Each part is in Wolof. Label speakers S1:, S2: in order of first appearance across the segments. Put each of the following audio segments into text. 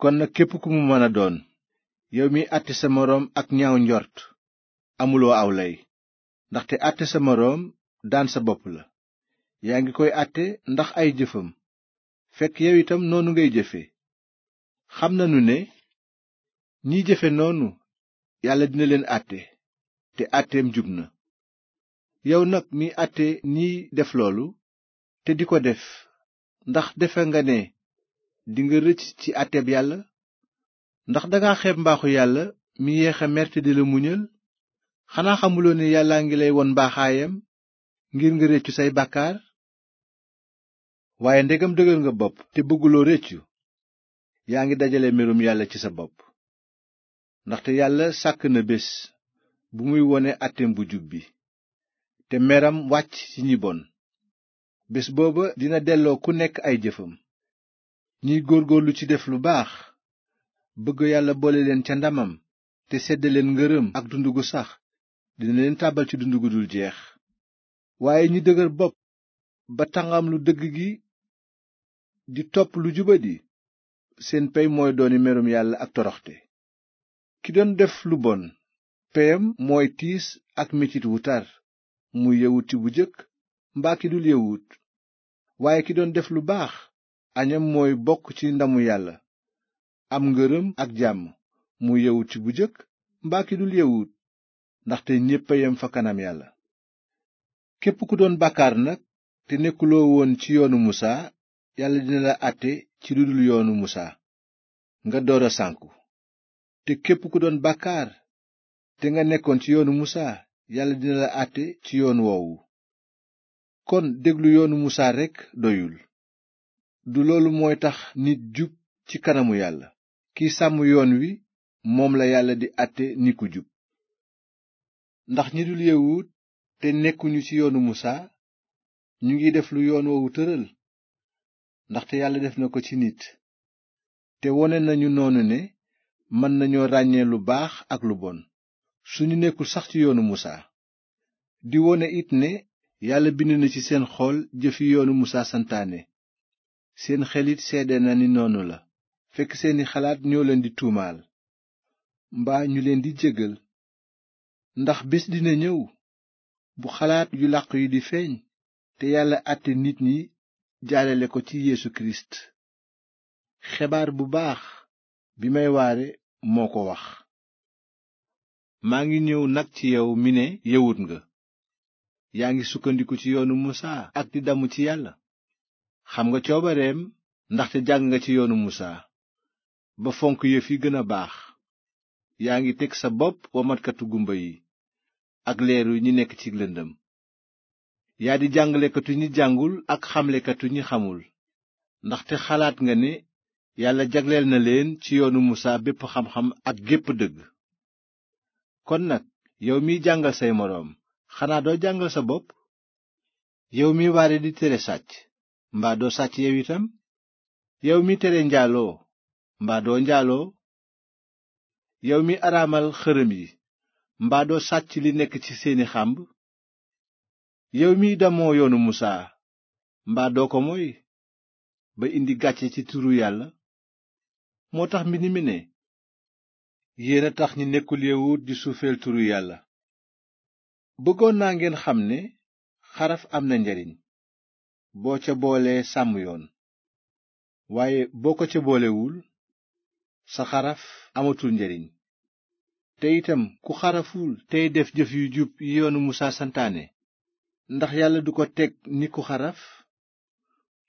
S1: kon nag képp ku mu mën a doon yow mi àtte sa moroom ak ñaaw njort amuloo aw lay ndaxte àtte sa moroom daan sa bopp la yaa ngi koy àtte ndax ay jëfam fekk yow itam noonu ngay jëfe xam nanu ne ñii jëfe noonu yàlla dina leen àtte te àtteem jub na yow nag mi àtte ñiy def loolu te di ko def ndax defe nga ne dinga rëcc ci àtteb yàlla ndax danga xeeb mbaaxu yàlla mi yeexa mer te di la muñal xanaa xamuloo ne yàlla ngi lay won mbaaxaayam ngir nga réccu say bàkkaar waaye ndegam dëgër nga bopp te bëgguloo réccu yaa ngi dajale merum yàlla ci sa bopp ndaxte yàlla sàkk na bés bu muy wone àtteem bu jub bi te meram wàcc ci ñi bon bés booba dina delloo ku nekk ay jëfam ñiy góorgóorlu ci def lu baax bëgg yàlla boole leen ca ndamam te sedd leen ngërëm ak dund gu sax dina leen tàbbal ci dund gu dul jeex waaye ñi dëgër bopp ba tangam lu dëgg gi di topp lu jubadi seen pey mooy dooni merum yàlla ak toroxte ki doon def lu bon peyam mooy tiis ak metit wu tar muy yawut ci bu jëkk mbaa ki dul yawut waaye ki doon def lu baax añam mooy bokk ci ndamu yàlla am ngërëm ak jàmm mu yawut ci bu jëkk mbaa ki dul yawut ndaxte ñépp a yem fa kanam yàlla képp ku doon bàkkaar nag te nekkuloo woon ci yoonu musaa yàlla dina la àtte ci lu yoonu musaa nga doora a sànku te képp ku doon bàkkaar te nga nekkoon ci yoonu musaa yàlla dina la àtte ci yoon woowu kon déglu yoonu musaa rekk doyul du loolu mooy tax nit ci kanamu yàlla kiy sàmm yoon wi moom la yàlla di àtte ni jub ndax ñi dul yawut te nekkuñu ci yoonu musaa ñu ngi def lu yoon woowu tëral ndaxte yàlla def na ko ci nit te wone nañu noonu ne mën nañoo ràññee lu baax ak lu bon suñu nekkul sax ci yoonu musaa di wone it ne yàlla bind na ci seen xool jëfi yoonu musaa santaane seen xelit seede na ni noonu la fekk seeni xalaat ñoo leen di tuumaal mbaa ñu leen di jégal ndax bés dina ñëw bu xalaat yu làq yi di feeñ te yàlla àtte nit ñi jaalale ko ci yeesu kirist xebaar bu baax bi may waare moo ko wax maa ngi ñëw nag ci yow mi ne yawut nga yaa ngi sukkandiku ci yoonu musaa ak di damu ci yàlla xam nga coobareem ndaxte jàng nga ci yoonu musaa ba fonk yëf yi gën a baax yaa ngi teg sa bopp matkatu gumba yi ak leeru ñi nekk ci lëndëm yaa di jàngalekatu ñi jàngul ak xamlekatu ñi xamul ndaxte xalaat nga ne yàlla jagleel na leen ci yoonu musa bépp xam-xam ak gépp dëgg kon nag yow miy jàngal say moroom xanaa doo jàngal sa bopp yow mi waare di tere sàcc mbaa doo sàcc yow itam yow mi tere njaaloo mbaa doo njaaloo yow mi araamal xërëm yi mbaa doo sàcc li nekk ci seeni xàmb yow mi damoo yoonu musaa mbaa doo ko moy ba indi gàcce ci turu yàlla moo tax mbind mi ne yéen a tax ñi nekkul yawut di suufeel turu yàlla bëggoon naa ngeen xam ne xaraf am na njariñ boo ca boolee sàmm waaye boo ko ca boolewul sa xaraf amatul njariñ te itam ku xaraful tey def jëf yu jub yi yoonu musaa santaane ndax yàlla du ko teg ni ku xaraf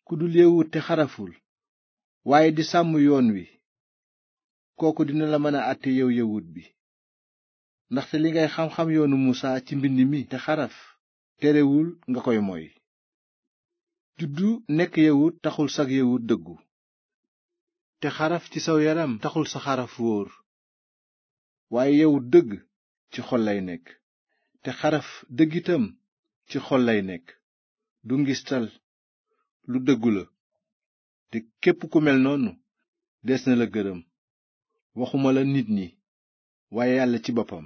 S1: ku dul yëwut te xaraful waaye di sàmm yoon wi kooku dina la mën a àtte yow yëwut bi ndaxte li ngay xam-xam yoonu musaa ci mbind mi te xaraf terewul nga koy moy juddu taxul sag yawut dëggu te xaraf ci saw yaram taxul sa xaraf wóor waaye yawut dëgg ci xol lay nekk te xaraf dëgg itam ci xol lay nekk du ngistal lu dëggu la te képp ku mel noonu des na la gërëm waxuma la nit ñi waaye yàlla ci boppam